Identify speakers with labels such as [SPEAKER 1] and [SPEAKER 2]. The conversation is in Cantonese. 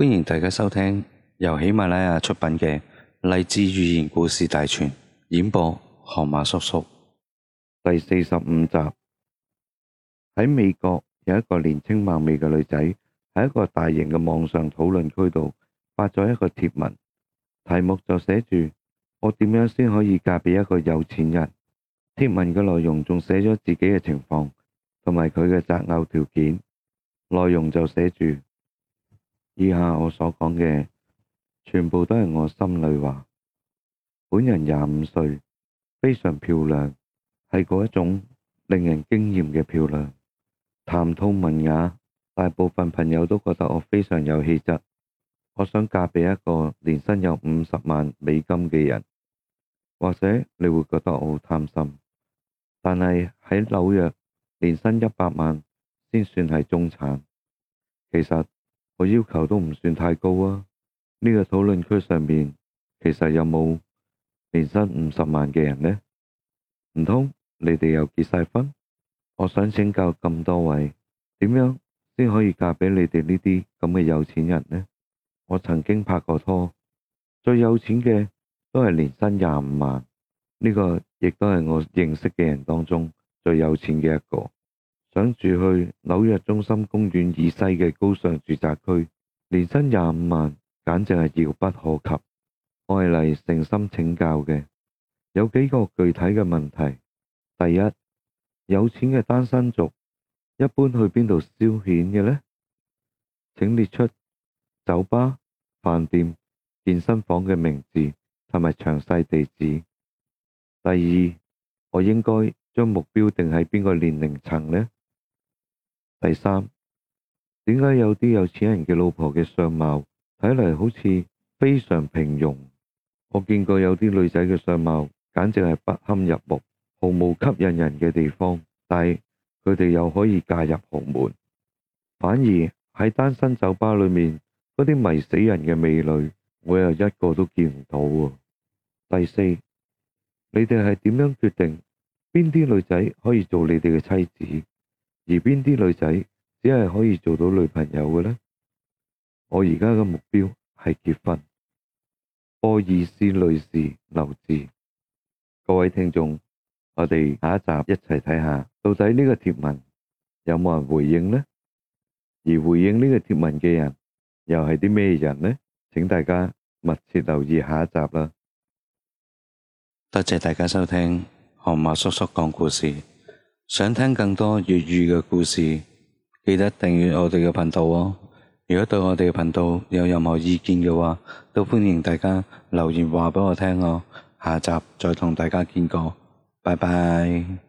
[SPEAKER 1] 歡迎大家收聽由喜馬拉雅出品嘅《勵志寓言故事大全》，演播河馬叔叔，第四十五集。喺美國有一個年青貌美嘅女仔喺一個大型嘅網上討論區度發咗一個貼文，題目就寫住我點樣先可以嫁俾一個有錢人。貼文嘅內容仲寫咗自己嘅情況同埋佢嘅擇偶條件，內容就寫住。以下我所講嘅全部都係我心裏話。本人廿五歲，非常漂亮，係嗰一種令人驚豔嘅漂亮。談吐文雅，大部分朋友都覺得我非常有氣質。我想嫁畀一個年薪有五十萬美金嘅人，或者你會覺得我好貪心，但係喺紐約年薪一百萬先算係中產。其實，我要求都唔算太高啊！呢個討論區上面其實有冇年薪五十萬嘅人呢？唔通你哋又結晒婚？我想請教咁多位，點樣先可以嫁俾你哋呢啲咁嘅有錢人呢？我曾經拍過拖，最有錢嘅都係年薪廿五萬，呢個亦都係我認識嘅人當中最有錢嘅一個。想住去紐約中心公園以西嘅高尚住宅區，年薪廿五萬，簡直係遙不可及。我係嚟誠心請教嘅，有幾個具體嘅問題：第一，有錢嘅單身族一般去邊度消遣嘅呢？請列出酒吧、飯店、健身房嘅名字同埋詳細地址。第二，我應該將目標定喺邊個年齡層呢？第三，點解有啲有錢人嘅老婆嘅相貌睇嚟，好似非常平庸？我見過有啲女仔嘅相貌簡直係不堪入目，毫無吸引人嘅地方，但係佢哋又可以嫁入豪門。反而喺單身酒吧裏面嗰啲迷死人嘅美女，我又一個都見唔到喎。第四，你哋係點樣決定邊啲女仔可以做你哋嘅妻子？而邊啲女仔只係可以做到女朋友嘅呢？我而家嘅目標係結婚。愛二氏女士留住各位聽眾，我哋下一集一齊睇下到底呢個貼文有冇人回應呢？而回應呢個貼文嘅人又係啲咩人呢？請大家密切留意下一集啦。多謝大家收聽河馬叔叔講故事。想聽更多粵語嘅故事，記得訂閱我哋嘅頻道哦。如果對我哋嘅頻道有任何意見嘅話，都歡迎大家留言話畀我聽哦。下集再同大家見過，拜拜。